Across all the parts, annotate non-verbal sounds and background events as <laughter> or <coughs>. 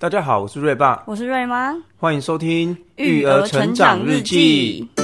大家好，我是瑞爸，我是瑞媽，歡迎收聽《育兒成長日記》日記。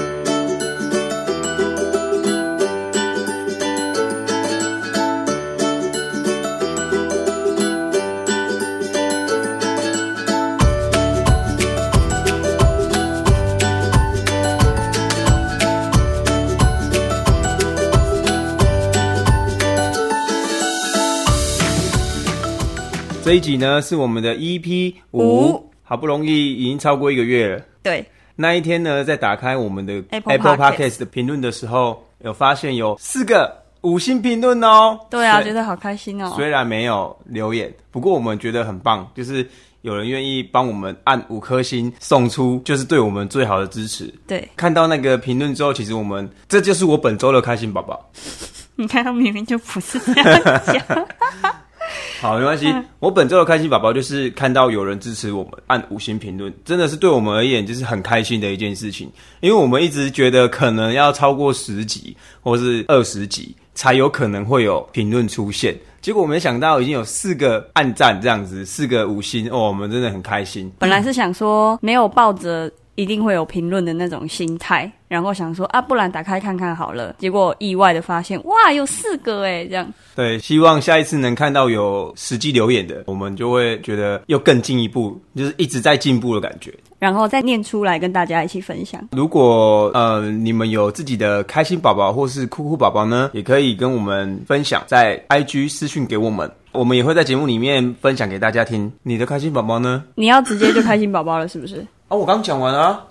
這一集呢是我們的 EP 五，好不容易已經超過一個月了。對，那一天呢，在打開我們的 Apple Podcast 的評論的時候，有發現有四個五星評論哦。對啊，對，覺得好開心哦。雖然沒有留言，不過我們覺得很棒，就是有人願意幫我們按五顆星送出，就是對我們最好的支持。對，看到那個評論之後，其實我們這就是我本周的開心寶寶。你看，他明明就不是這樣講。 <laughs> 好，沒關係。我本周的開心寶寶就是看到有人支持我們按五星評論，真的是對我們而言就是很開心的一件事情。因為我們一直覺得可能要超過十集或是二十集才有可能會有評論出現，結果沒想到已經有四個按讚，這樣子，四個五星哦，我們真的很開心。本來是想說沒有抱着。一定會有評論的那種心態，然後想說啊，不然打開看看好了。結果意外地發現，哇，有四個哎，這樣。對，希望下一次能看到有實際留言的，我們就會覺得又更進一步，就是一直在進步的感覺。然後再念出來跟大家一起分享。如果呃你們有自己的開心寶寶或是酷酷寶寶呢，也可以跟我們分享，在 IG 私訊給我們，我們也會在節目裡面分享給大家聽。你的開心寶寶呢？你要直接就開心寶寶了，是不是？ <coughs> 啊、哦，我剛講完了啊。 <laughs>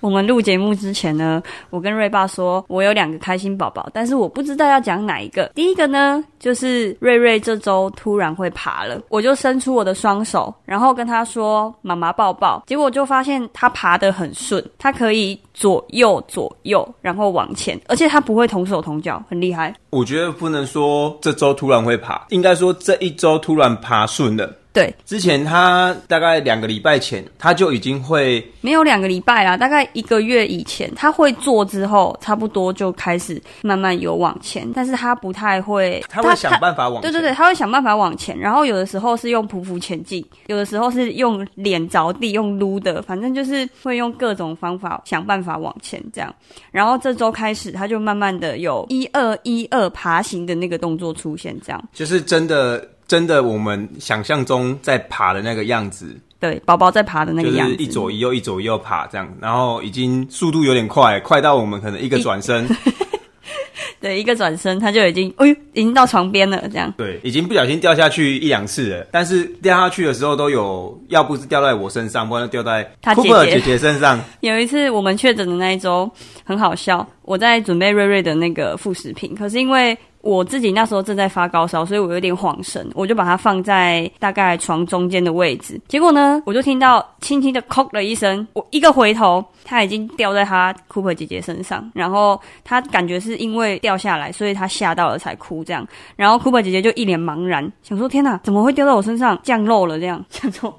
我們錄節目之前呢，我跟瑞爸說，我有兩個開心寶寶，但是我不知道要講哪一個。第一個呢，就是瑞瑞這周突然會爬了，我就伸出我的雙手，然後跟他說“媽媽抱抱”，結果就發現他爬得很順，他可以左右左右，然後往前，而且他不會同手同腳，很厲害。我覺得不能說這周突然會爬，應該說這一周突然爬順了。對，之前他大概兩個禮拜前他就已經會沒有兩個禮拜啦，大概一個月以前他會做之後，差不多就開始慢慢有往前，但是他不太會，他，他，他，他，對對對，他會想辦法往前對對對，他會想辦法往前，然後有的時候是用匍匐前進，有的時候是用臉着地用擼的，反正就是會用各種方法想辦法往前這樣。然後這周開始，他就慢慢的有一二一二爬行的那個動作出現，這樣就是真的。真的，我們想象中在爬的那個樣子，對，寶寶在爬的那個樣子，就是、一左一右，一左一右爬這樣，然後已經速度有點快，快到我們可能一個轉身， <laughs> 對，一個轉身他就已經哎呦，已經到床邊了，這樣，對，已經不小心掉下去一兩次了，但是掉下去的時候都有，要不是掉在我身上，不然就掉在、Coopers、他哥姐姐，姐姐身上。 <laughs> 有一次我們確診的那一周，很好笑，我在準備瑞瑞的那個副食品，可是因為。我自己那時候正在發高燒，所以我有點恍神，我就把它放在大概床中間的位置。結果呢，我就聽到輕輕的 “cock” 了一聲，我一個回頭，它已經掉在他 Cooper 姐姐身上。然後他感覺是因為掉下來，所以他嚇到了才哭這樣。然後 Cooper 姐姐就一臉茫然，想說：“天哪，怎麼會掉在我身上？降落了這樣降落。想說”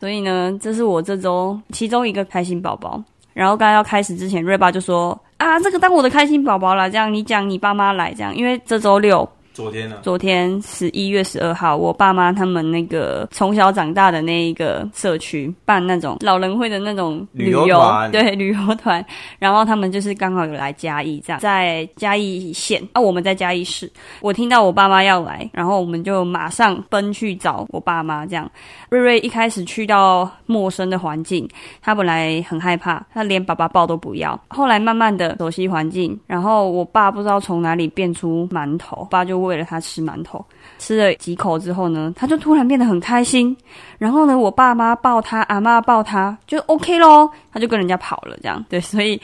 所以呢，這是我這周其中一個開心寶寶。然後剛剛要開始之前，瑞爸就說。啊，這個當我的開心寶寶啦，這樣。你講你爸媽來這樣，因為這周六。昨天，昨天十一月十二號，我爸媽他們那個從小長大的那一個社區辦那種老人會的那種旅遊團，旅遊團對，旅遊團，然後他們就是剛好有來嘉義這樣，在嘉義縣，啊我們在嘉義市，我聽到我爸媽要來，然後我們就馬上奔去找我爸媽這樣。瑞瑞一開始去到陌生的環境，他本來很害怕，他連爸爸抱都不要，後來慢慢的熟悉環境，然後我爸不知道從哪裡變出饅頭，我爸就問。為了他吃饅頭，吃了幾口之後呢，他就突然變得很開心。然後呢，我爸媽抱他，阿嬤抱他，就 OK 咯，他就跟人家跑了。這樣對，所以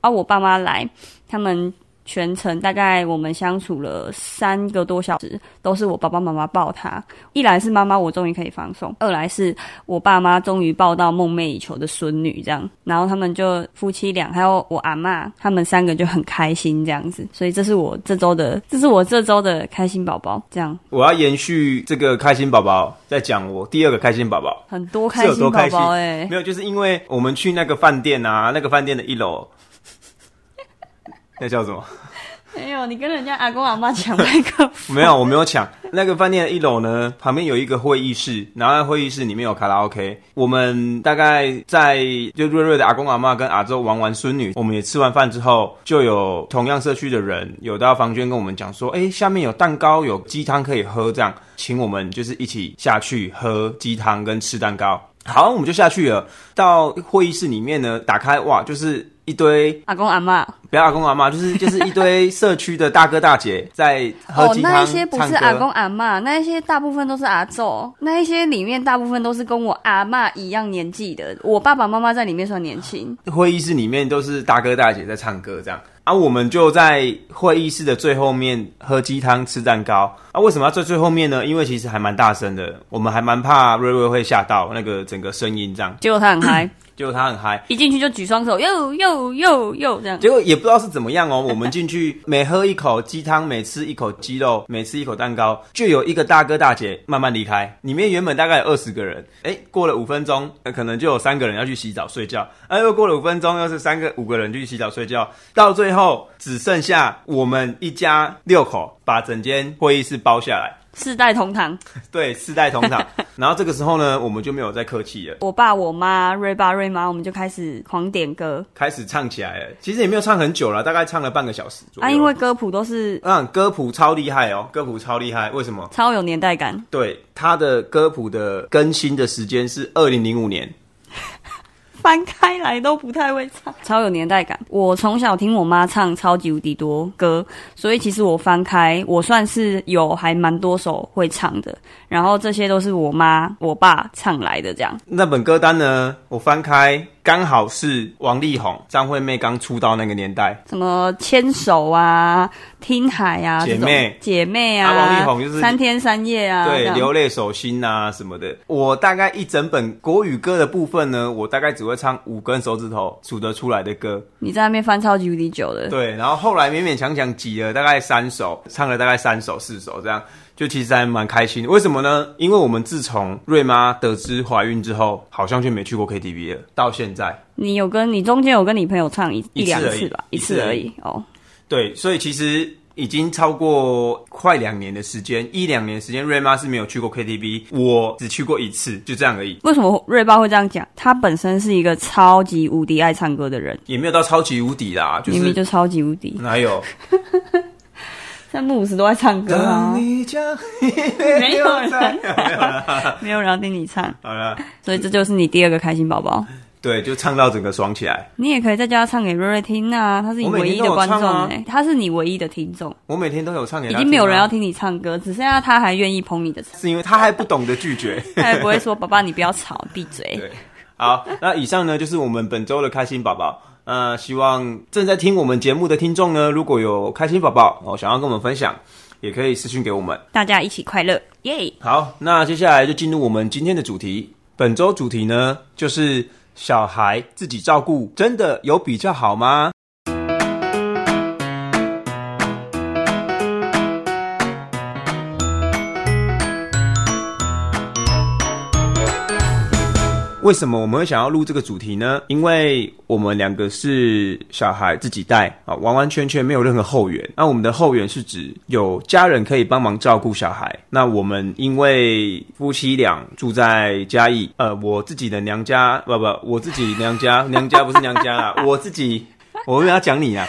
啊，我爸媽來，他們。全程大概我們相處了三個多小時，都是我爸爸媽媽抱他。一來是媽媽，我終於可以放鬆；二來是我爸媽終於抱到夢寐以求的孫女，這樣。然後他們就夫妻倆還有我阿嬤，他們三個就很開心這樣子。所以這是我這週的，這是我這週的開心寶寶。這樣，我要延續這個開心寶寶，再講我第二個開心寶寶。很多開心寶寶哎，沒有，就是因為我們去那個飯店啊，那個飯店的一樓。那叫什麼？沒有，你跟人家阿公阿媽搶那個？ <laughs> 沒有，我沒有搶。那個飯店的一樓呢，旁邊有一個會議室，然後在會議室裡面有卡拉 OK。我們大概在就瑞瑞的阿公阿媽跟阿周玩完孫女，我們也吃完飯之後，就有同樣社區的人有到房間跟我們講說，哎、欸，下面有蛋糕，有雞湯可以喝，這樣請我們就是一起下去喝雞湯跟吃蛋糕。好，我們就下去了，到會議室裡面呢，打開，哇，就是。一堆阿公阿媽，不要阿公阿媽，就是就是一堆社區的大哥大姐在喝雞湯 <laughs> 哦，那一些不是阿公阿媽，那一些大部分都是阿祖，那一些裡面大部分都是跟我阿媽一樣年紀的。我爸爸媽媽在裡面算年輕。會議室裡面都是大哥大姐在唱歌，這樣啊，我們就在會議室的最後面喝雞湯吃蛋糕。啊，為什麼要在最後面呢？因為其實還蠻大聲的，我們還蠻怕瑞瑞會嚇到那個整個聲音這樣。結果他很嗨。 <coughs> 結果他很嗨，一進去就舉雙手，又又又又這樣。結果也不知道是怎麼樣哦。我們進去 <laughs> 每喝一口雞湯，每吃一口雞肉，每吃一口蛋糕，就有一個大哥大姐慢慢離開。裡面原本大概有二十個人，誒，過了五分鐘，可能就有三個人要去洗澡睡覺。誒、啊、又過了五分鐘，又是三個五個人去洗澡睡覺。到最後只剩下我們一家六口把整間會議室包下來。四代同堂，對，四代同堂。 <laughs> 然後這個時候呢，我們就沒有再客氣了。我爸、我媽、瑞爸、瑞媽，我們就開始狂點歌，開始唱起來了。其實也沒有唱很久了，大概唱了半個小時左右。啊，因為歌譜都是，嗯，歌譜超厲害哦，歌譜超厲害。為什麼？超有年代感。對，他的歌譜的更新的時間是二零零五年。翻開來都不太會唱，超有年代感。我從小聽我媽唱超級無敵多歌，所以其實我翻開，我算是有還蠻多首會唱的。然後這些都是我媽，我爸唱來的，這樣。那本歌單呢？我翻開。剛好是王力宏、張惠妹剛出道那個年代，什麼牽手啊、 <laughs> 聽海啊、姐妹姐妹啊，啊王力宏就是三天三夜啊，對，流淚手心啊什麼的。我大概一整本國語歌的部分呢，我大概只會唱五根手指頭數得出來的歌。你在那邊翻超級無敵久的，對，然後後來勉勉強強擠了大概三首，唱了大概三首四首這樣。就其實還蠻開心，為什麼呢？因為我們自從瑞媽得知懷孕之後，好像就沒去過 K T V 了，到現在。你有跟你中間有跟你朋友唱一一次而已，一兩次吧，一次而已哦。對，所以其實已經超過快兩年的時間，一兩年時間，瑞媽是沒有去過 K T V，我只去過一次，就這樣而已。為什麼瑞爸會這樣講？他本身是一個超級無敵愛唱歌的人，也沒有到超級無敵啦，就是，明明就超級無敵，哪有？ <laughs> 三不五時都在唱歌，啊在沒人啊啊，沒有、啊，沒有人要聽你唱。好了好了，所以這就是你第二個開心寶寶。對，就唱到整個爽起來。你也可以在家唱給瑞瑞聽啊，他是你唯一的觀眾，啊，他是你唯一的聽眾。我每天都有唱給他。已經沒有人要聽你唱歌，只剩下他還願意捧你的場。是因為他還不懂得拒絕， <laughs> 他也不會說：“ <laughs> 爸爸，你不要吵，閉嘴。”對。好，那以上呢，就是我們本周的開心寶寶。呃，希望正在聽我們節目的聽眾呢，如果有開心寶寶哦，想要跟我們分享，也可以私訊給我們，大家一起快樂耶！Yay! 好，那接下來就進入我們今天的主題，本周主題呢，就是小孩自己照顧真的有比較好嗎？為什麼我們會想要錄這個主題呢？因為我們兩個是小孩自己帶啊，完完全全沒有任何後援。那我們的後援是指有家人可以幫忙照顧小孩。那我們因為夫妻倆住在嘉義，呃，我自己的娘家不不，我自己娘家 <laughs> 娘家不是娘家啊，我自己 <laughs> 我為什麼要講你啊。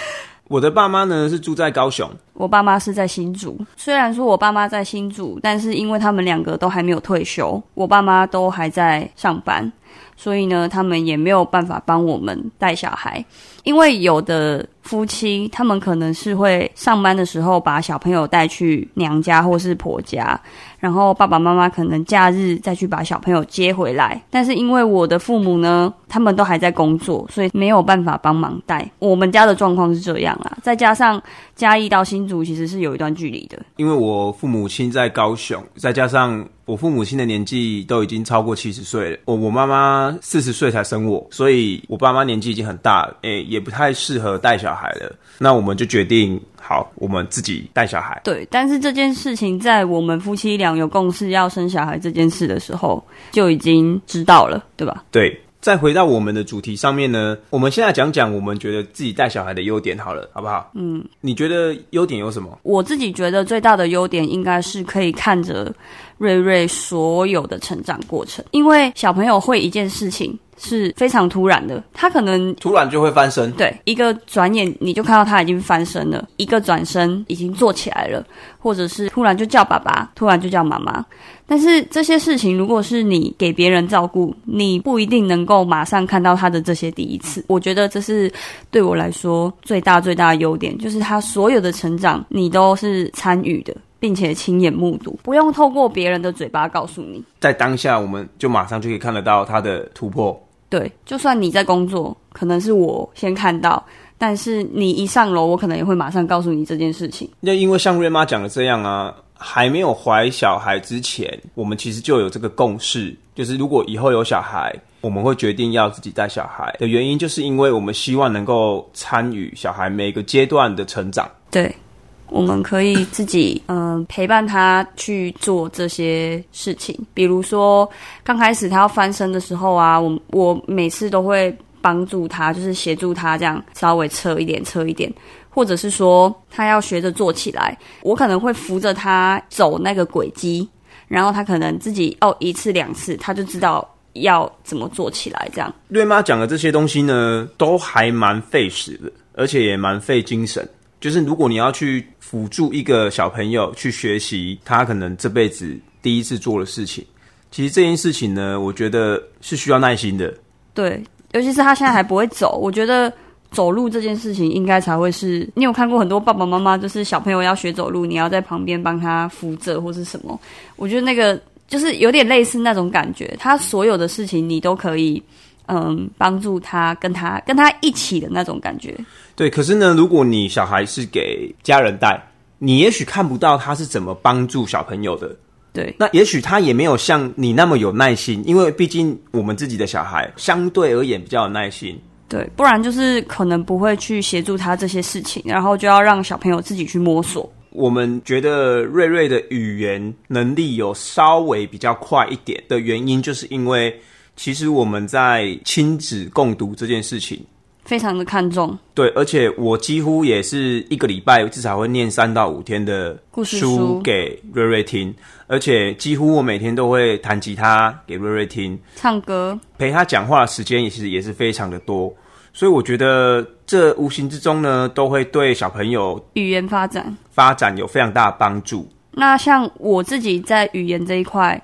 我的爸媽呢是住在高雄，我爸媽是在新竹。雖然說我爸媽在新竹，但是因為他們兩個都還沒有退休，我爸媽都還在上班。所以呢，他們也沒有辦法幫我們帶小孩，因為有的夫妻他們可能是會上班的時候把小朋友帶去娘家或是婆家，然後爸爸媽媽可能假日再去把小朋友接回來。但是因為我的父母呢，他們都還在工作，所以沒有辦法幫忙帶。我們家的狀況是這樣啦，再加上，嘉義到新竹其實是有一段距離的，因為我父母親在高雄，再加上我父母親的年紀都已經超過七十歲了，我我媽媽四十歲才生我，所以我爸媽年紀已經很大了，誒、欸，也不太適合帶小孩了。那我們就決定，好，我們自己帶小孩。對，但是這件事情在我們夫妻倆有共識要生小孩這件事的時候，就已經知道了，對吧？對。再回到我們的主題上面呢，我們現在講講我們覺得自己帶小孩的優點好了，好不好？嗯，你覺得優點有什麼？我自己覺得最大的優點應該是可以看着瑞瑞所有的成長過程，因為小朋友會一件事情。是非常突然的，他可能突然就會翻身，對，一個轉眼你就看到他已經翻身了，一個轉身已經坐起來了，或者是突然就叫爸爸，突然就叫媽媽。但是這些事情，如果是你給別人照顧，你不一定能夠馬上看到他的這些第一次。我覺得這是對我來說最大最大的優點，就是他所有的成長你都是參與的，並且親眼目睹，不用透過別人的嘴巴告訴你，在當下我們就馬上就可以看得到他的突破。對，就算你在工作，可能是我先看到，但是你一上樓，我可能也會馬上告訴你這件事情。那因為像瑞媽講的這樣啊，還沒有懷小孩之前，我們其實就有這個共識，就是如果以後有小孩，我們會決定要自己帶小孩的原因，就是因為我們希望能夠參與小孩每一個階段的成長。對。我們可以自己嗯、呃、陪伴他去做這些事情，比如說剛開始他要翻身的時候啊，我我每次都會幫助他，就是協助他這樣稍微側一點，側一點，或者是說他要學着坐起來，我可能會扶着他走那個軌跡，然後他可能自己哦一次兩次他就知道要怎麼做起來，這樣。瑞媽講的這些東西呢，都還蠻費時的，而且也蠻費精神，就是如果你要去。輔助一個小朋友去學習，他可能這輩子第一次做的事情。其實這件事情呢，我覺得是需要耐心的。對，尤其是他現在還不會走，我覺得走路這件事情應該才會是。你有看過很多爸爸媽媽，就是小朋友要學走路，你要在旁邊幫他扶着或是什麼？我覺得那個，就是有點類似那種感覺，他所有的事情你都可以。嗯，幫助他跟他跟他一起的那種感覺。對，可是呢，如果你小孩是給家人帶，你也許看不到他是怎麼幫助小朋友的。對，那也許他也沒有像你那麼有耐心，因為畢竟我們自己的小孩相對而言比較有耐心。對，不然就是可能不會去協助他這些事情，然後就要讓小朋友自己去摸索。我們覺得瑞瑞的語言能力有稍微比較快一點的原因，就是因為。其實我們在親子共讀這件事情非常的看重，對，而且我幾乎也是一個禮拜至少會念三到五天的故事書，書給瑞瑞聽，而且幾乎我每天都會彈吉他給瑞瑞聽，唱歌，陪他講話的時間也其實也是非常的多，所以我覺得這無形之中呢，都會對小朋友語言發展發展有非常大的幫助。那像我自己在語言這一塊。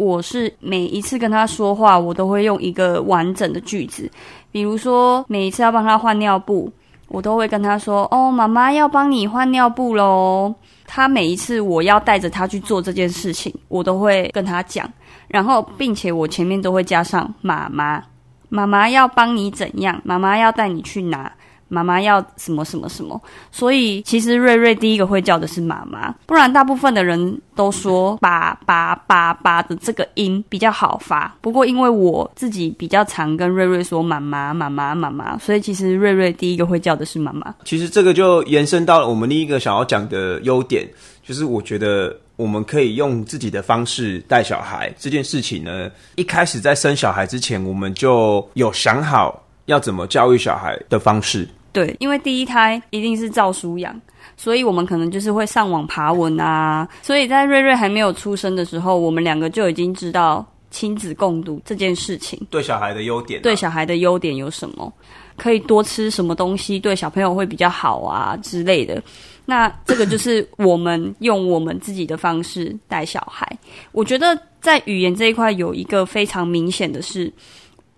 我是每一次跟他說話，我都會用一個完整的句子，比如說每一次要幫他換尿布，我都會跟他說：“哦，媽媽要幫你換尿布咯。”他每一次我要帶着他去做這件事情，我都會跟他講，然後並且我前面都會加上媽媽“媽媽，媽媽要幫你怎樣？媽媽要帶你去哪？”媽媽要什麼什麼什麼，所以其實瑞瑞第一個會叫的是媽媽，不然大部分的人都說爸爸爸爸的、這個音比較好發。不過因為我自己比較常跟瑞瑞說媽媽媽媽媽媽，所以其實瑞瑞第一個會叫的是媽媽。其實這個就延伸到了我們另一個想要講的優點，就是我覺得我們可以用自己的方式帶小孩這件事情呢，一開始在生小孩之前，我們就有想好要怎麼教育小孩的方式。對，因為第一胎一定是照書養，所以我們可能就是會上網爬文啊。所以在瑞瑞還沒有出生的時候，我們兩個就已經知道親子共讀這件事情。對小孩的優點、啊，對小孩的優點有什麼？可以多吃什麼東西對小朋友會比較好啊之類的。那這個就是我們用我們自己的方式帶小孩。 <laughs> 我覺得在語言這一塊有一個非常明顯的是，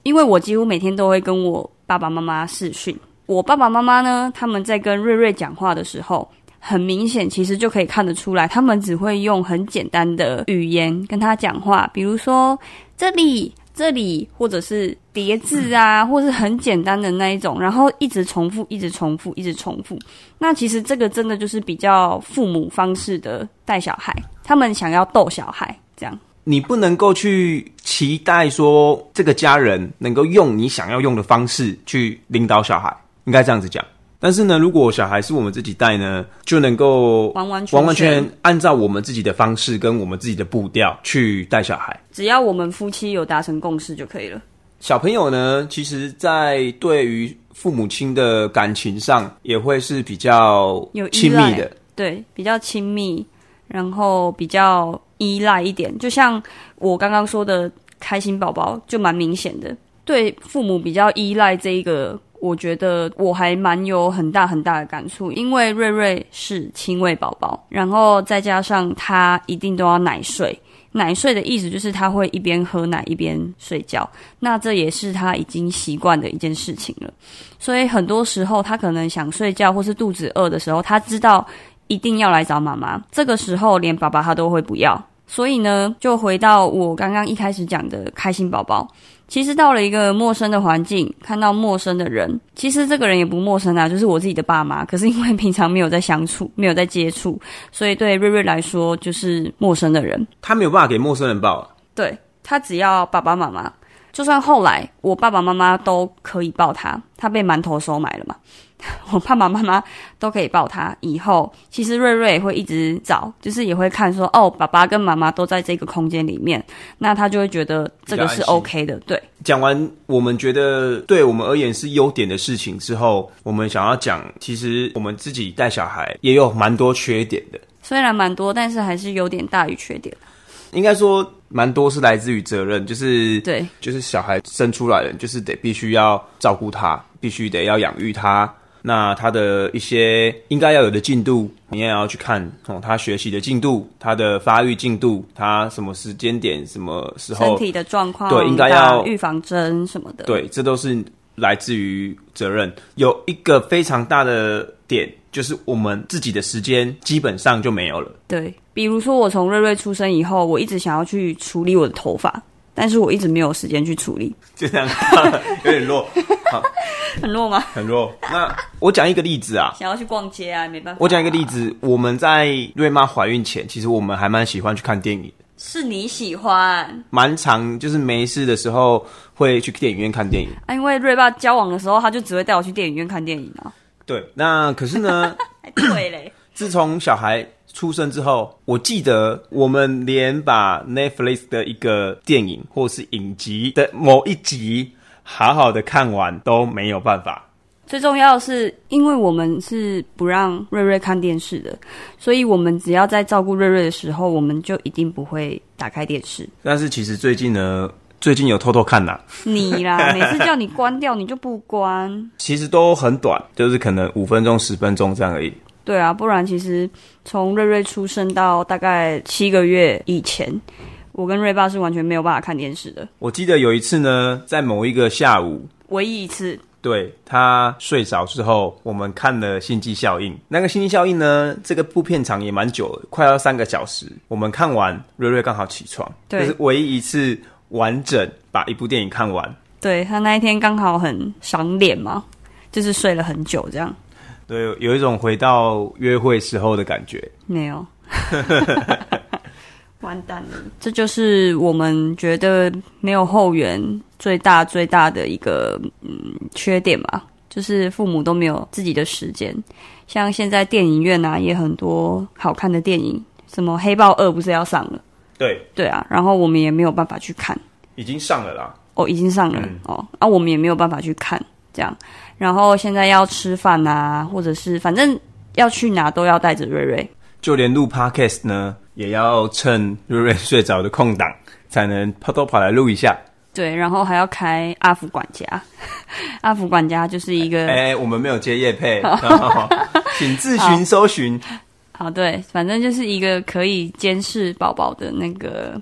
因為我幾乎每天都會跟我爸爸媽媽視訊。我爸爸媽媽呢，他們在跟瑞瑞講話的時候，很明顯，其實就可以看得出來，他們只會用很簡單的語言跟他講話，比如說這裡、這裡，或者是疊字啊，或是很簡單的那一種、嗯，然後一直重複，一直重複，一直重複。那其實這個真的就是比較父母方式的帶小孩，他們想要逗小孩，這樣。你不能夠去期待說這個家人能夠用你想要用的方式去領導小孩。應該這樣子講，但是呢，如果小孩是我們自己帶呢，就能夠完完全全，完完全按照我們自己的方式跟我們自己的步調去帶小孩。只要我們夫妻有達成共識就可以了。小朋友呢，其實，在對於父母親的感情上，也會是比較有親密的，對，比較親密，然後比較依賴一點。就像我剛剛說的，開心寶寶就蠻明顯的，對父母比較依賴這一個。我覺得我還蠻有很大很大的感觸，因為瑞瑞是親餵寶寶，然後再加上他一定都要奶睡，奶睡的意思就是他會一邊喝奶一邊睡覺，那這也是他已經習慣的一件事情了。所以很多時候他可能想睡覺或是肚子餓的時候，他知道一定要來找媽媽，這個時候連爸爸他都會不要。所以呢，就回到我剛剛一開始講的開心寶寶。其實到了一個陌生的環境，看到陌生的人，其實這個人也不陌生啊，就是我自己的爸媽。可是因為平常沒有在相處，沒有在接觸，所以對瑞瑞來說就是陌生的人。他沒有辦法給陌生人抱啊，對，他只要爸爸媽媽，就算後來我爸爸媽媽都可以抱他。他被饅頭收買了嘛。 <laughs> 我爸爸媽，媽媽都可以抱他。以後其實瑞瑞也會一直找，就是也會看說，哦，爸爸跟媽媽都在這個空間裡面，那他就會覺得這個是 OK 的。對，講完我們覺得對我們而言是優點的事情之後，我們想要講，其實我們自己帶小孩也有蠻多缺點的。雖然蠻多，但是還是優點大於缺點。應該說，蠻多是來自於責任，就是對，就是小孩生出來了，就是得必須要照顧他，必須得要養育他。那他的一些應該要有的進度，你也要去看他學習的進度，他的發育進度，他什麼時間點、什麼時候身體的狀況，對，應該要預防針什麼的。對，這都是來自於責任。有一個非常大的點，就是我們自己的時間基本上就沒有了。對，比如說我從瑞瑞出生以後，我一直想要去處理我的頭髮，但是我一直沒有時間去處理。就這樣，有點弱。 <laughs> 很弱嗎、啊？很弱。那我講一個例子啊， <laughs> 想要去逛街啊，沒辦法、啊。我講一個例子，我們在瑞媽懷孕前，其實我們還蠻喜歡去看電影。是你喜歡？蠻常就是沒事的時候會去電影院看電影啊。因為瑞爸交往的時候，他就只會帶我去電影院看電影啊。對，那可是呢，對 <laughs> 嘞。 <coughs> 自從小孩出生之後，我記得我們連把 Netflix 的一個電影或是影集的某一集。 <laughs> 好好的看完都沒有辦法。最重要的是，因為我們是不讓瑞瑞看電視的，所以我們只要在照顧瑞瑞的時候，我們就一定不會打開電視。但是其實最近呢，最近有偷偷看吶、啊。你啦，每次叫你關掉，你就不關。 <laughs> 其實都很短，就是可能五分鐘、十分鐘這樣而已。對啊，不然其實從瑞瑞出生到大概七個月以前。我跟瑞爸是完全沒有辦法看電視的。我記得有一次呢，在某一個下午，唯一一次，對，他睡着之後，我們看了《星際效應》。那個《星際效應》呢，這個部片長也蠻久，快要三個小時。我們看完，瑞瑞剛好起床，對，就是唯一一次完整把一部電影看完。對，他那一天剛好很賞臉嘛，就是睡了很久這樣。對，有一種回到約會時候的感覺。沒有。 <laughs> <laughs> 完蛋了，這就是我們覺得沒有後援最大最大的一個嗯缺點嘛，就是父母都沒有自己的時間。像現在電影院啊，也很多好看的電影，什麼《黑豹二》不是要上了？對對啊，然後我們也沒有辦法去看。已經上了啦，哦，oh，已經上了，嗯，哦，那，啊，我們也沒有辦法去看，這樣。然後現在要吃飯啊，或者是反正要去哪都要帶着瑞瑞，就連錄 podcast 呢。也要趁瑞瑞睡着的空檔，才能偷偷跑來錄一下。對，然後還要開阿福管家， <laughs> 阿福管家就是一個……哎、欸欸，我們沒有接業配。 <laughs> 請自行搜尋。好。好，對，反正就是一個可以監視寶寶的那個、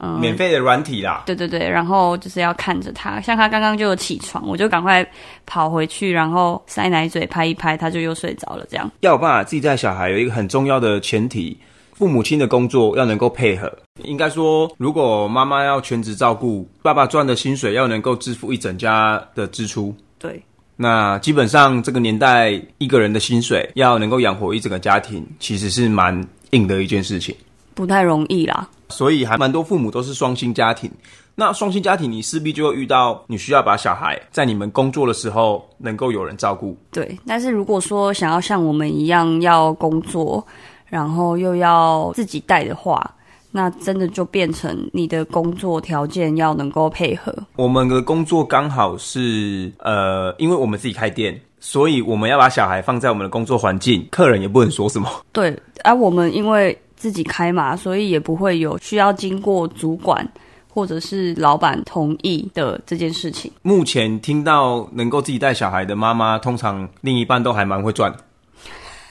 嗯，免費的軟體啦。對對對，然後就是要看着他，像他剛剛就有起床，我就趕快跑回去，然後塞奶嘴拍一拍，他就又睡着了。這樣，要爸爸自己帶小孩有一個很重要的前提，父母親的工作要能夠配合，應該說，如果媽媽要全職照顧，爸爸賺的薪水要能夠支付一整家的支出。對，那基本上這個年代，一個人的薪水要能夠養活一整個家庭，其實是蠻硬的一件事情，不太容易啦。所以還蠻多父母都是雙薪家庭，那雙薪家庭你勢必就會遇到，你需要把小孩在你們工作的時候能夠有人照顧。對，但是如果說想要像我們一樣要工作，然後又要自己帶的話，那真的就變成你的工作條件要能夠配合。我們的工作剛好是呃，因為我們自己開店，所以我們要把小孩放在我們的工作環境，客人也不能說什麼。對，而，啊，我們因為自己開嘛，所以也不會有需要經過主管或者是老闆同意的這件事情。目前聽到能夠自己帶小孩的媽媽，通常另一半都還蠻會賺。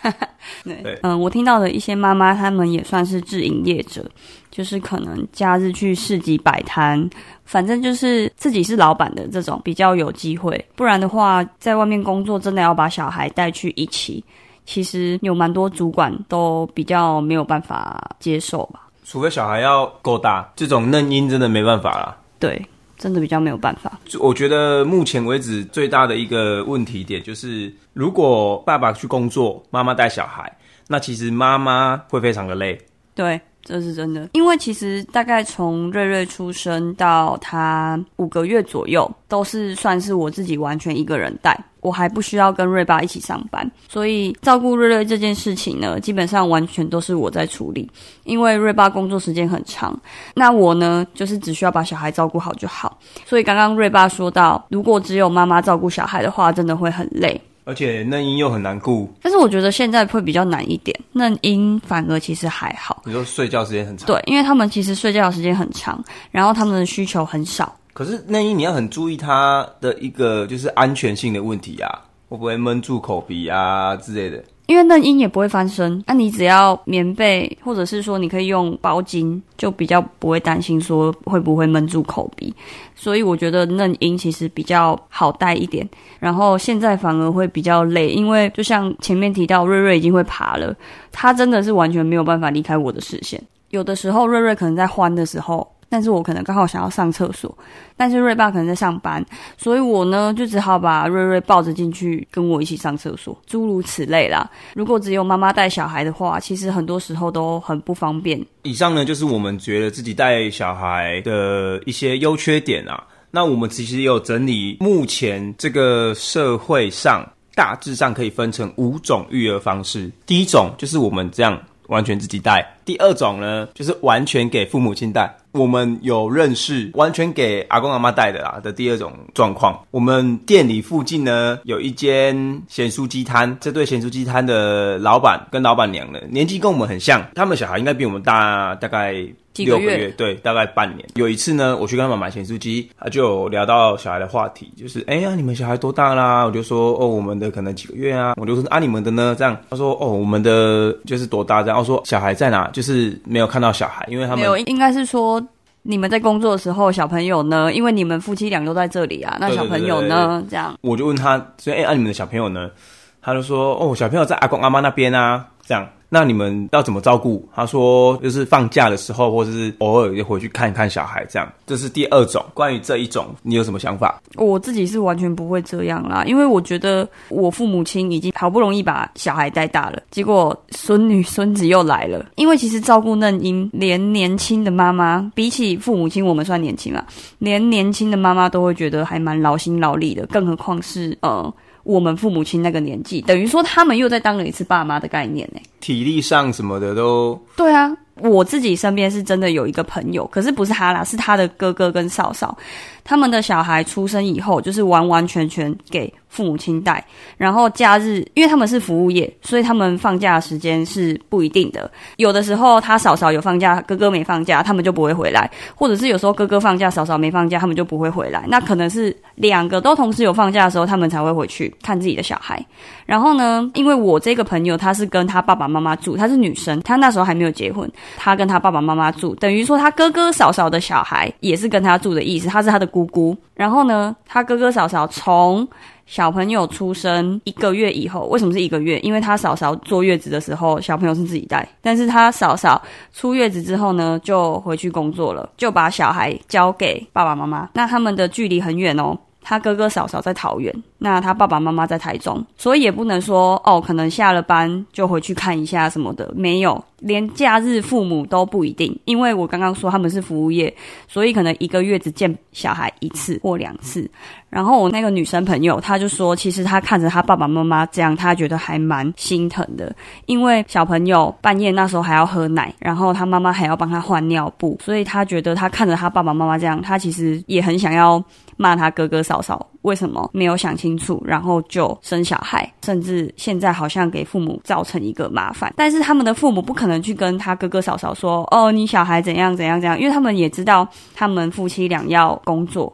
哈哈，對，嗯、呃，我聽到的一些媽媽，他們也算是自營業者，就是可能假日去市集擺攤，反正就是自己是老板的這種比較有機會。不然的話，在外面工作真的要把小孩帶去一起，其實有蠻多主管都比較沒有辦法接受吧。除非小孩要夠大，這種嫩嬰真的沒辦法啦。對，真的比較沒有辦法。我覺得目前為止最大的一個問題點就是，如果爸爸去工作，媽媽帶小孩，那其實媽媽會非常的累。對，這是真的。因為其實大概從瑞瑞出生到他五個月左右，都是算是我自己完全一個人帶，我還不需要跟瑞爸一起上班，所以照顧瑞瑞這件事情呢，基本上完全都是我在處理。因為瑞爸工作時間很長，那我呢，就是只需要把小孩照顧好就好。所以剛剛瑞爸說到，如果只有媽媽照顧小孩的話，真的會很累。而且嫩嬰又很難顧，但是我覺得現在會比較難一點，嫩嬰反而其實還好。你說睡覺時間很長，對，因為他們其實睡覺的時間很長，然後他們的需求很少。可是嫩嬰你要很注意他的一個就是安全性的問題啊，會不會悶住口鼻啊之類的。因為嫩嬰也不會翻身，那、啊、你只要棉被，或者是說你可以用包巾，就比較不會擔心說會不會悶住口鼻。所以我覺得嫩嬰其實比較好帶一點，然後現在反而會比較累，因為就像前面提到，瑞瑞已經會爬了，他真的是完全沒有辦法離開我的視線。有的時候瑞瑞可能在歡的時候，但是我可能剛好想要上廁所，但是瑞爸可能在上班，所以我呢就只好把瑞瑞抱着進去跟我一起上廁所，諸如此類啦。如果只有媽媽帶小孩的話，其實很多時候都很不方便。以上呢就是我們覺得自己帶小孩的一些優缺點啊。那我們其實也有整理目前這個社會上大致上可以分成五種育兒方式。第一種就是我們這樣完全自己帶，第二種呢就是完全給父母親帶。我們有認識完全給阿公阿嬤帶的啦的第二種狀況。我們店裡附近呢有一間鹹酥雞攤，這對鹹酥雞攤的老板跟老板娘呢年紀跟我們很像，他們小孩應該比我們大大概六個月，幾個月？對，大概半年。有一次呢，我去跟他們買鹹酥雞，他就聊到小孩的話題，就是哎呀、欸啊，你們小孩多大啦？我就說哦，我們的可能幾個月啊。我就說啊，你們的呢？這樣他說哦，我們的就是多大？這樣。我說小孩在哪？就是沒有看到小孩，因為他們沒有，應該是說。你們在工作的時候，小朋友呢？因為你們夫妻倆都在這裡啊，那小朋友呢？對對對對對對，這樣，我就問他，所以哎，那你們的小朋友呢？他就說，哦，小朋友在阿公阿嬤那邊啊，這樣。那你們要怎麼照顧？他說，就是放假的時候，或者是偶爾也回去看一看小孩，這樣。這是第二種。關於這一種，你有什麼想法？我自己是完全不會這樣啦，因為我覺得我父母親已經好不容易把小孩帶大了，結果孫女、孫子又來了。因為其實照顧嫩嬰，連年輕的媽媽比起父母親，我們算年輕啊。連年輕的媽媽都會覺得還蠻勞心勞力的，更何況是呃我們父母親那個年紀，等於說他們又在當了一次爸媽的概念呢、欸。T 體力上什麼的都對啊。我自己身邊是真的有一個朋友，可是不是他啦，是他的哥哥跟嫂嫂，他們的小孩出生以後就是完完全全給父母親帶。然後假日，因為他們是服務業，所以他們放假的時間是不一定的。有的時候他嫂嫂有放假，哥哥沒放假，他們就不會回來；或者是有時候哥哥放假，嫂嫂沒放假，他們就不會回來。那可能是兩個都同時有放假的時候，他們才會回去看自己的小孩。然後呢，因為我這個朋友她是跟她爸爸媽媽住，她是女生，她那時候還沒有結婚。他跟他爸爸媽媽住，等於說他哥哥嫂嫂的小孩也是跟他住的意思，他是他的姑姑。然後呢，他哥哥嫂嫂從小朋友出生一個月以後，為什麼是一個月？因為他嫂嫂坐月子的時候，小朋友是自己帶。但是他嫂嫂出月子之後呢，就回去工作了，就把小孩交給爸爸媽媽。那他們的距離很遠哦，他哥哥嫂嫂在桃園，那他爸爸媽媽在台中，所以也不能說哦，可能下了班就回去看一下什麼的，沒有。連假日父母都不一定，因為我剛剛說他們是服務業，所以可能一個月只見小孩一次或兩次。然後我那個女生朋友，她就說，其實她看着她爸爸媽媽這樣，她覺得還蠻心疼的，因為小朋友半夜那時候還要喝奶，然後她媽媽還要幫他換尿布，所以她覺得她看着她爸爸媽媽這樣，她其實也很想要罵他哥哥嫂嫂。為什麼沒有想清楚，然後就生小孩，甚至現在好像給父母造成一個麻煩。但是他們的父母不可能去跟他哥哥嫂嫂說：“哦，你小孩怎樣怎樣怎樣，怎樣。”因為他們也知道他們夫妻倆要工作，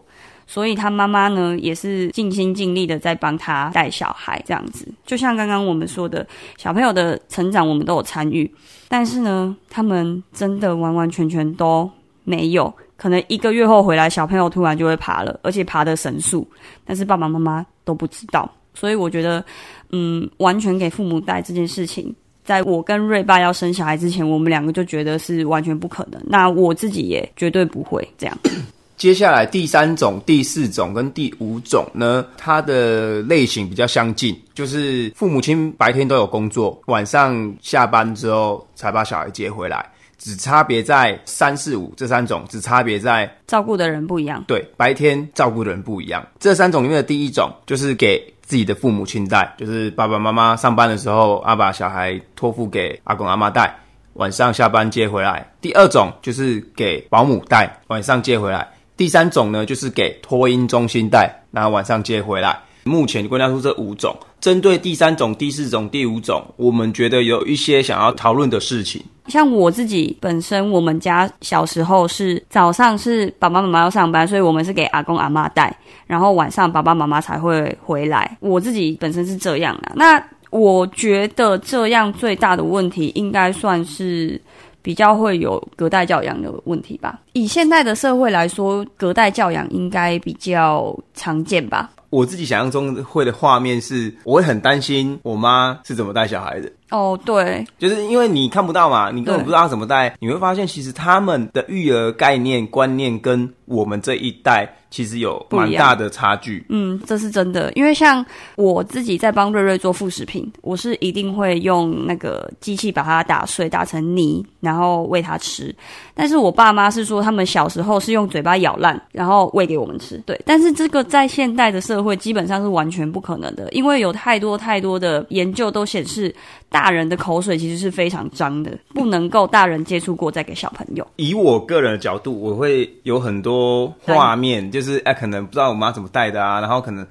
所以他媽媽呢也是盡心盡力的在幫他帶小孩。這樣子，就像剛剛我們說的，小朋友的成長我們都有參與，但是呢，他們真的完完全全都沒有。可能一個月後回來，小朋友突然就會爬了，而且爬得神速，但是爸爸媽媽都不知道。所以我覺得，嗯，完全給父母帶這件事情，在我跟瑞爸要生小孩之前，我們兩個就覺得是完全不可能。那我自己也絕對不會這樣。接下來第三種、第四種跟第五種呢，它的類型比較相近，就是父母親白天都有工作，晚上下班之後才把小孩接回來。只差別在三四五這三種，只差別在照顧的人不一樣。對，白天照顧的人不一樣。這三種裡面的第一種就是給自己的父母親帶，就是爸爸媽媽上班的時候，啊，把小孩托付給阿公阿嬤帶，晚上下班接回來。第二種就是給保母帶，晚上接回來。第三種呢，就是給托嬰中心帶，然後晚上接回來。目前觀察出這五種，針對第三種、第四種、第五種，我們覺得有一些想要討論的事情。像我自己本身，我們家小時候是早上是爸爸媽媽要上班，所以我們是給阿公阿嬤帶，然後晚上爸爸媽媽才會回來。我自己本身是這樣的，那我覺得這樣最大的問題應該算是。比較會有隔代教養的問題吧。以現代的社會來說，隔代教養應該比較常見吧。我自己想象中會的畫面是，我會很擔心我媽是怎麼帶小孩的。哦，對，就是因為你看不到嘛，你根本不知道他怎麼帶，你會發現其實他們的育兒概念、觀念跟我們這一代其實有蠻大的差距。嗯，這是真的，因為像我自己在幫瑞瑞做副食品，我是一定會用那個機器把它打碎，打成泥，然後餵他吃。但是我爸媽是說，他們小時候是用嘴巴咬爛，然後餵給我們吃。對，但是這個在現代的社會基本上是完全不可能的，因為有太多太多的研究都顯示。大人的口水其實是非常髒的，不能夠大人接觸過再給小朋友。以我個人的角度，我會有很多畫面，就是哎，可能不知道我媽怎麼帶的啊，然後可能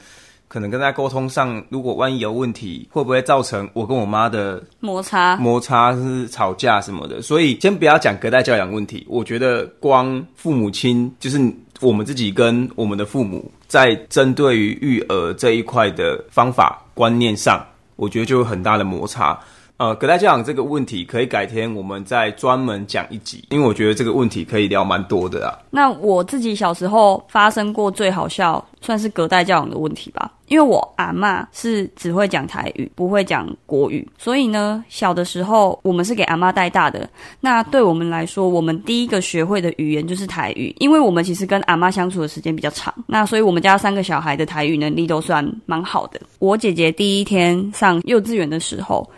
可能跟她溝通上，如果萬一有問題，會不會造成我跟我媽的摩擦？摩擦是吵架什麼的。所以先不要講隔代教養問題，我覺得光父母親就是我們自己跟我們的父母，在針對於育兒這一塊的方法觀念上。我覺得就有很大的摩擦。呃，隔代教養這個問題，可以改天我們再專門講一集，因為我覺得這個問題可以聊蠻多的啊。那我自己小時候發生過最好笑，算是隔代教養的問題吧。因為我阿嬤是只會講台語，不會講國語，所以呢，小的時候我們是給阿嬤帶大的。那對我們來說，我們第一個學會的語言就是台語，因為我們其實跟阿嬤相處的時間比較長。那所以我們家三個小孩的台語能力都算蠻好的。我姐姐第一天上幼稚園的時候，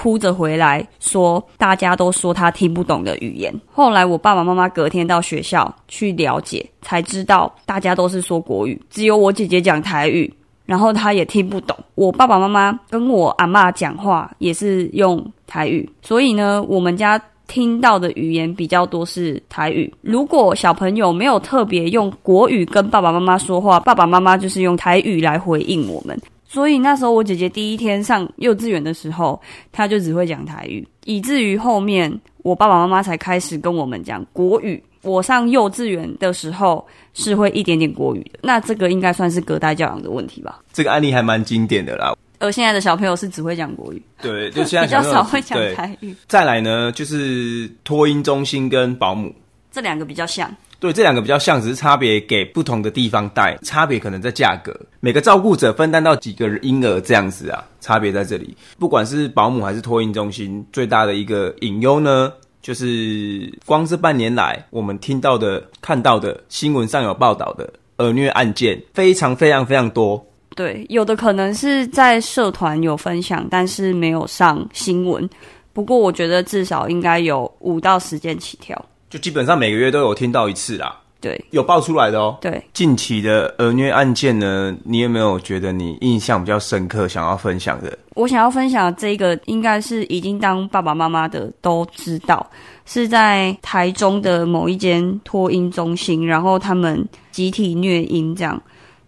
哭着回來說，大家都說他聽不懂的語言。後來我爸爸媽媽隔天到學校去了解，才知道大家都是說國語，只有我姐姐講台語，然後她也聽不懂。我爸爸媽媽跟我阿嬤講話也是用台語，所以呢，我們家聽到的語言比較多是台語。如果小朋友沒有特別用國語跟爸爸媽媽說話，爸爸媽媽就是用台語來回應我們。所以那時候我姐姐第一天上幼稚園的時候，她就只會講台語，以至於後面我爸爸媽媽才開始跟我們講國語。我上幼稚園的時候是會一點點國語的，那這個應該算是隔代教養的問題吧？這個案例還蠻經典的啦。而現在的小朋友是只會講國語，對，就現在 <laughs> 比較少會講台語。再來呢，就是托嬰中心跟保母這兩個比較像。對，這兩個比較像，只是差別給不同的地方帶，差別可能在價格，每個照顧者分擔到幾個嬰兒這樣子啊，差別在這裡。不管是保母還是托嬰中心，最大的一個隱憂呢，就是光這半年來，我們聽到的、看到的新聞上有報道的兒虐案件，非常非常非常多。對，有的可能是在社團有分享，但是沒有上新聞。不過我覺得至少應該有五到十件起跳。就基本上每個月都有聽到一次啦，對，有爆出來的哦。對，近期的兒虐案件呢，你有沒有覺得你印象比較深刻，想要分享的？我想要分享的這個，應該是已經當爸爸媽媽的都知道，是在台中的某一間托嬰中心，然後他們集體虐嬰這樣。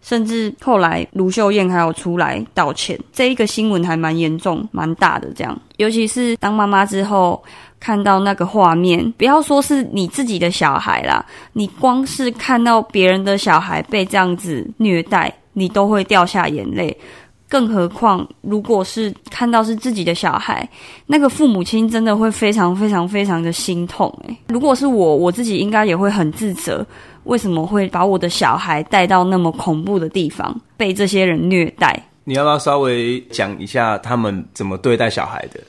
甚至後來，盧秀燕還有出來道歉，這一個新聞還蠻嚴重、蠻大的。這樣，尤其是當媽媽之後，看到那個畫面，不要說是你自己的小孩啦，你光是看到別人的小孩被這樣子虐待，你都會掉下眼淚。更何況，如果是看到是自己的小孩，那個父母親真的會非常、非常、非常的心痛，欸。如果是我，我自己應該也會很自責。為什麼會把我的小孩帶到那麼恐怖的地方，被這些人虐待？你要不要稍微講一下他們怎麼對待小孩的？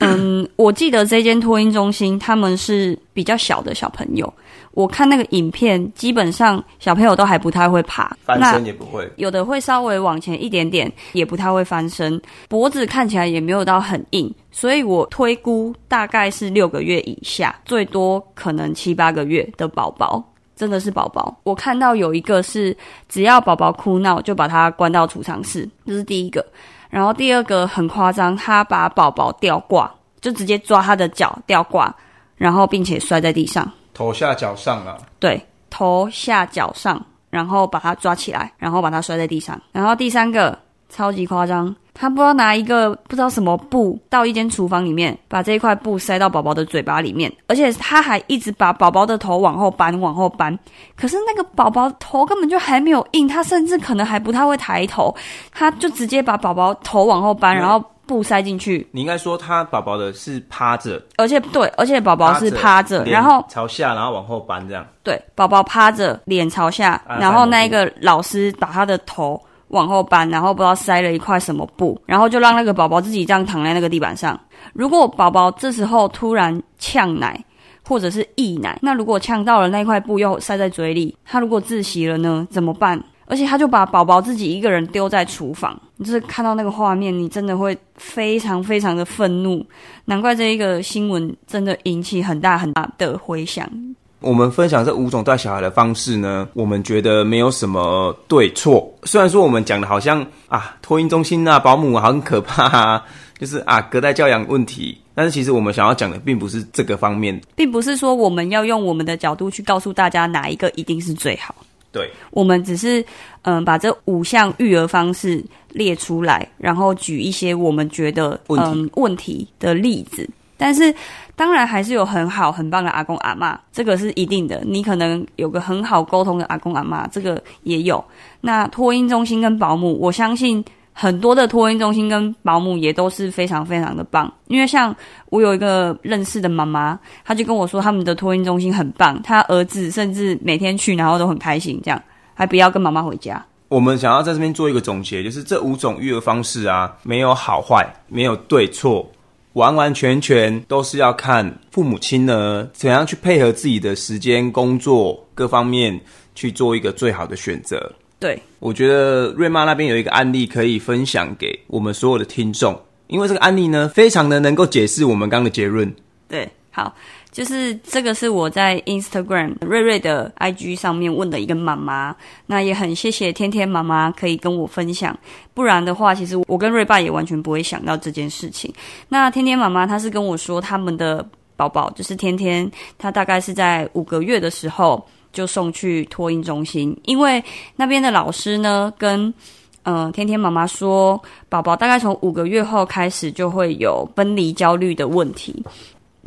嗯，我記得這間托嬰中心，他們是比較小的小朋友。我看那個影片，基本上小朋友都還不太會爬，翻身也不會，有的會稍微往前一點點，也不太會翻身，脖子看起來也沒有到很硬，所以我推估大概是六個月以下，最多可能七八個月的寶寶。真的是寶寶，我看到有一個是只要寶寶哭鬧就把他關到儲藏室，這是第一個。然後第二個很誇張，他把寶寶吊掛，就直接抓他的腳吊掛，然後並且摔在地上，頭下腳上啊。對，頭下腳上，然後把他抓起來，然後把他摔在地上。然後第三個超級誇張。他不知道拿一個不知道什麼布到一間廚房裡面，把這一塊布塞到寶寶的嘴巴裡面，而且他還一直把寶寶的頭往後扳、往後扳。可是那個寶寶頭根本就還沒有硬，他甚至可能還不太會抬頭，他就直接把寶寶頭往後扳，然後布塞進去。嗯，你應該說他寶寶的是趴着，而且對，而且寶寶是趴着，趴着然後臉朝下，然後往後扳。這樣。對，寶寶趴着，臉朝下，然後那一個老師把他的頭。往後搬，然後不知道塞了一塊什麼布，然後就讓那個寶寶自己這樣躺在那個地板上。如果寶寶這時候突然嗆奶或者是溢奶，那如果嗆到了那塊布又塞在嘴裡，他如果窒息了呢，怎麼辦？而且他就把寶寶自己一個人丟在廚房。你就是看到那個畫面，你真的會非常非常的憤怒。難怪這一個新聞真的引起很大很大的回響。我們分享這五種帶小孩的方式呢，我們覺得沒有什麼對錯。雖然說我們講的好像啊，托嬰中心啊，保姆啊，很可怕啊，就是啊，隔代教養問題。但是其實我們想要講的並不是這個方面，並不是說我們要用我們的角度去告訴大家哪一個一定是最好。對，我們只是嗯，把這五項育兒方式列出來，然後舉一些我們覺得嗯問題，問題的例子。但是，當然還是有很好很棒的阿公阿嬤，這個是一定的。你可能有個很好溝通的阿公阿嬤，這個也有。那托嬰中心跟保姆，我相信很多的托嬰中心跟保姆也都是非常非常的棒。因為像我有一個認識的媽媽，她就跟我說他們的托嬰中心很棒，她兒子甚至每天去然後都很開心，這樣還不要跟媽媽回家。我們想要在這邊做一個總結，就是這五種育兒方式啊，沒有好壞，沒有對錯。完完全全都是要看父母親呢怎樣去配合自己的時間、工作各方面去做一個最好的選擇。對，我覺得瑞媽那邊有一個案例可以分享給我們所有的聽眾，因為這個案例呢，非常的能夠解釋我們剛剛的結論。對，好。就是這個是我在 Instagram 瑞瑞的 IG 上面問的一個媽媽，那也很謝謝天天媽媽可以跟我分享，不然的話，其實我跟瑞爸也完全不會想到這件事情。那天天媽媽她是跟我說，他們的寶寶就是天天，他大概是在五個月的時候就送去托嬰中心，因為那邊的老師呢跟嗯、呃、天天媽媽說，寶寶大概從五個月後開始就會有分離焦慮的問題。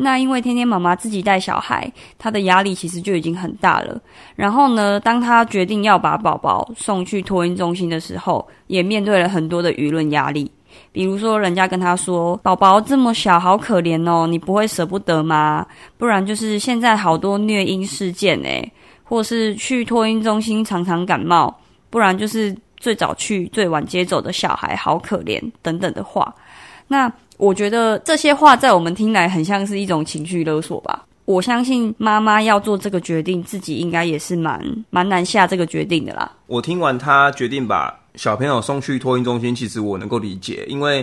那因為天天媽媽自己帶小孩，她的壓力其實就已經很大了。然後呢，當她決定要把寶寶送去托嬰中心的時候，也面對了很多的輿論壓力。比如說，人家跟她說：“寶寶這麼小，好可憐哦，你不會捨不得嗎？不然就是現在好多虐嬰事件誒，或是去托嬰中心常常感冒，不然就是最早去最晚接走的小孩好可憐等等的話。”那。我覺得這些話在我們聽來很像是一種情緒勒索吧。我相信媽媽要做這個決定，自己應該也是蠻蠻難下這個決定的啦。我聽完她決定把小朋友送去托嬰中心，其實我能夠理解，因為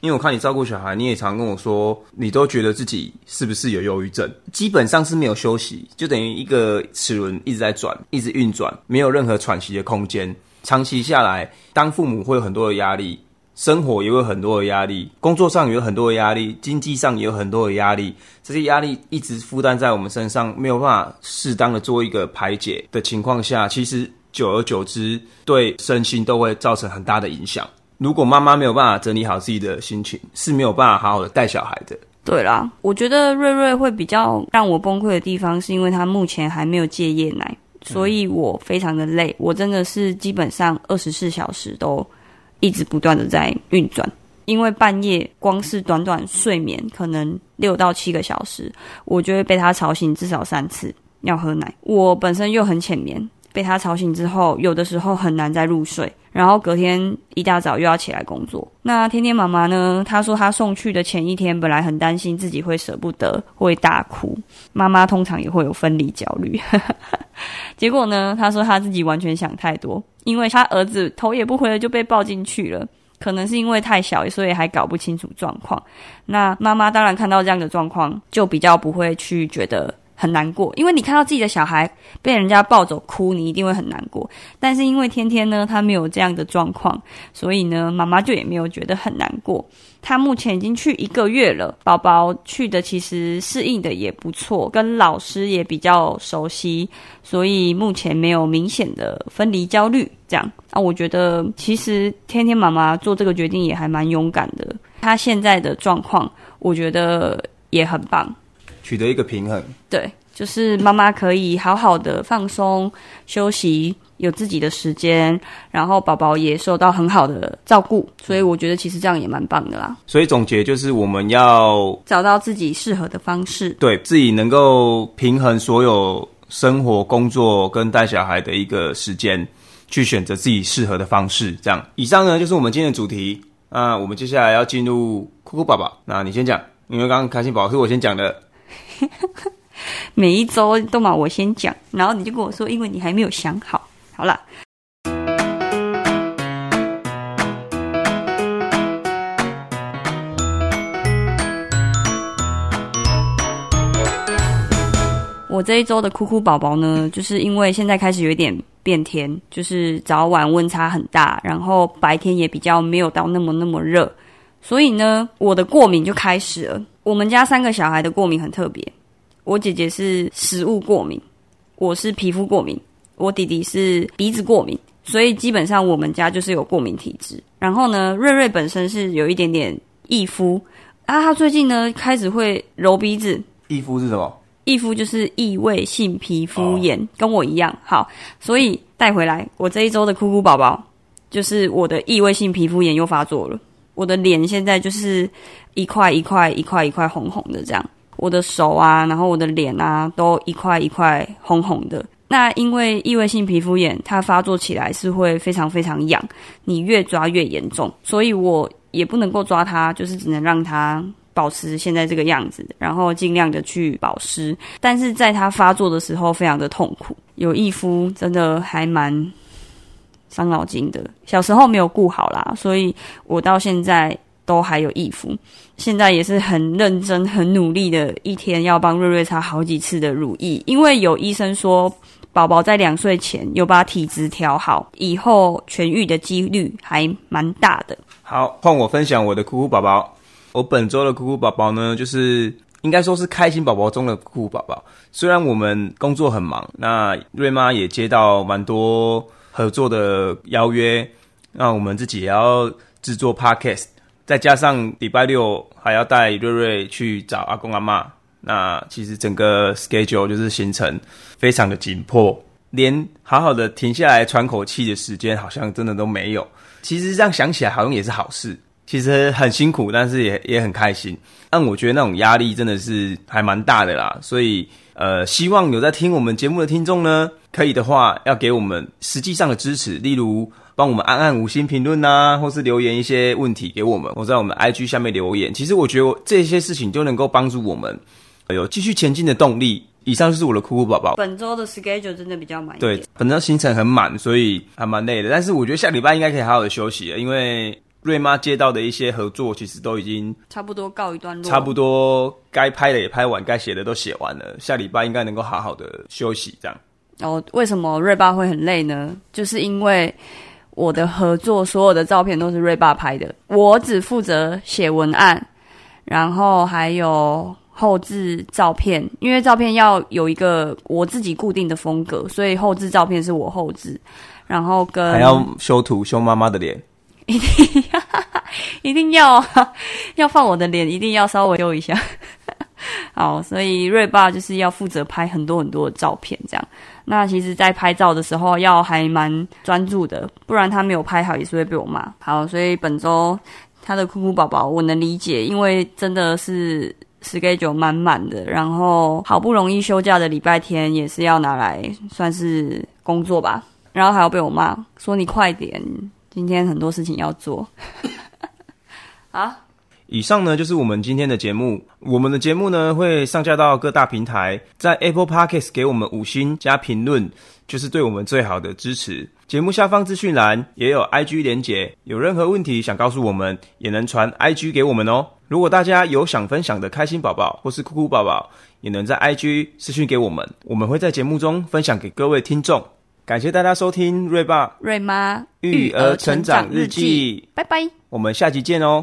因為我看你照顧小孩，你也常常跟我說，你都覺得自己是不是有憂鬱症？基本上是沒有休息，就等於一個齒輪一直在轉，一直運轉，沒有任何喘息的空間。長期下來，當父母會有很多的壓力。生活也會有很多的壓力，工作上也有很多的壓力，經濟上也有很多的壓力。這些壓力一直負擔在我們身上，沒有辦法適當的做一個排解的情況下，其實久而久之對身心都會造成很大的影響。如果媽媽沒有辦法整理好自己的心情，是沒有辦法好好的帶小孩的。對啦，我覺得瑞瑞會比較讓我崩潰的地方，是因為他目前還沒有戒夜奶，所以我非常的累，嗯、我真的是基本上二十四小時都。一直不斷的在運轉，因為半夜光是短短睡眠，可能六到七個小時，我就會被他吵醒至少三次，要喝奶。我本身又很淺眠。被他吵醒之後，有的時候很難再入睡，然後隔天一大早又要起來工作。那天天媽媽呢？她說她送去的前一天，本來很擔心自己會捨不得，會大哭。媽媽通常也會有分離焦慮。 <laughs> 結果呢？她說她自己完全想太多，因為她兒子頭也不回的就被抱進去了。可能是因為太小，所以還搞不清楚狀況。那媽媽當然看到這樣的狀況，就比較不會去覺得。很難過，因為你看到自己的小孩被人家抱走哭，你一定會很難過。但是因為天天呢，他沒有這樣的狀況，所以呢，媽媽就也沒有覺得很難過。他目前已經去一個月了，寶寶去的其實適應的也不錯，跟老師也比較熟悉，所以目前沒有明顯的分離焦慮。這樣啊，我覺得其實天天媽媽做這個決定也還蠻勇敢的。他現在的狀況，我覺得也很棒。取得一個平衡，對，就是媽媽可以好好的放鬆休息，有自己的時間，然後寶寶也受到很好的照顧，所以我覺得其實這樣也蠻棒的啦。所以總結就是，我們要找到自己適合的方式，對自己能夠平衡所有生活、工作跟帶小孩的一個時間，去選擇自己適合的方式。這樣，以上呢就是我們今天的主題。那我們接下來要進入酷酷寶寶，那你先講，因為剛剛開心寶寶是我先講的。 <laughs> 每一周都嘛，我先講，然後你就跟我說，因為你還沒有想好。好了， <music> 我這一周的哭哭寶寶呢，就是因為現在開始有點變天，就是早晚溫差很大，然後白天也比較沒有到那麼那麼熱，所以呢，我的過敏就開始了。我們家三個小孩的過敏很特別，我姐姐是食物過敏，我是皮膚過敏，我弟弟是鼻子過敏，所以基本上我們家就是有過敏體質。然後呢，瑞瑞本身是有一點點異膚，啊，他最近呢開始會揉鼻子。異膚是什麼？異膚就是異位性皮膚炎，oh. 跟我一樣，好，所以帶回來，我這一周的哭哭寶寶，就是我的異位性皮膚炎又發作了。我的臉現在就是一塊一塊一塊一塊紅紅的，這樣。我的手啊，然後我的臉啊，都一塊一塊紅紅的。那因為異位性皮膚炎，它發作起來是會非常非常癢，你越抓越嚴重，所以我也不能夠抓它，就是只能讓它保持現在這個樣子，然後盡量的去保濕。但是，在它發作的時候，非常的痛苦。有異膚真的還蠻。傷腦筋的，小時候沒有顧好啦，所以我到現在都還有異膚，現在也是很認真、很努力的一天，要幫瑞瑞擦好幾次的乳液，因為有醫生說，寶寶在兩歲前有把體質調好，以後痊癒的幾率還蠻大的。好，換我分享我的哭哭寶寶，我本周的哭哭寶寶呢，就是應該說是開心寶寶中的哭哭寶寶，雖然我們工作很忙，那瑞媽也接到蠻多。合作的邀約，那我們自己也要製作 podcast，再加上禮拜六還要帶瑞瑞去找阿公阿嬤，那其實整個 schedule 就是行程非常的緊迫，連好好的停下來喘口氣的時間好像真的都沒有。其實這樣想起來，好像也是好事。其實很辛苦，但是也也很開心。但我覺得那種壓力真的是還蠻大的啦，所以呃，希望有在聽我們節目的聽眾呢，可以的話要給我們實際上的支持，例如幫我們按按五星評論啊，或是留言一些問題給我們，或在我們 IG 下面留言。其實我覺得我這些事情都能夠幫助我們有繼續前進的動力。以上就是我的酷酷寶寶。本週的 schedule 真的比較滿。對，本週行程很滿，所以還蠻累的。但是我覺得下禮拜應該可以好好的休息了，因為。瑞媽接到的一些合作，其實都已經差不多告一段落。差不多該拍的也拍完，該寫的都寫完了。下禮拜應該能夠好好的休息這樣。哦，為什麼瑞爸會很累呢？就是因為我的合作所有的照片都是瑞爸拍的，我只負責寫文案，然後還有後製照片。因為照片要有一個我自己固定的風格，所以後製照片是我後製，然後跟還要修圖修媽媽的臉。一定要，一定要，要放我的臉，一定要稍微修一下。好，所以瑞爸就是要負責拍很多很多的照片，這樣。那其實，在拍照的時候要還蠻專注的，不然他沒有拍好也是會被我罵。好，所以本週他的酷酷寶寶，我能理解，因為真的是 schedule 滿滿的，然後好不容易休假的禮拜天也是要拿來算是工作吧，然後還要被我罵，說你快點。今天很多事情要做， <laughs> 啊！以上呢就是我們今天的節目。我們的節目呢會上架到各大平台，在 Apple Podcast 給我們五星加評論，就是對我們最好的支持。節目下方資訊欄也有 IG 連結，有任何問題想告訴我們，也能傳 IG 給我們哦、喔。如果大家有想分享的開心寶寶或是哭哭寶寶，也能在 IG 私訊給我們，我們會在節目中分享給各位聽眾。感謝大家收聽瑞爸、瑞媽育兒，育兒成長日記，拜拜，我們下期見哦。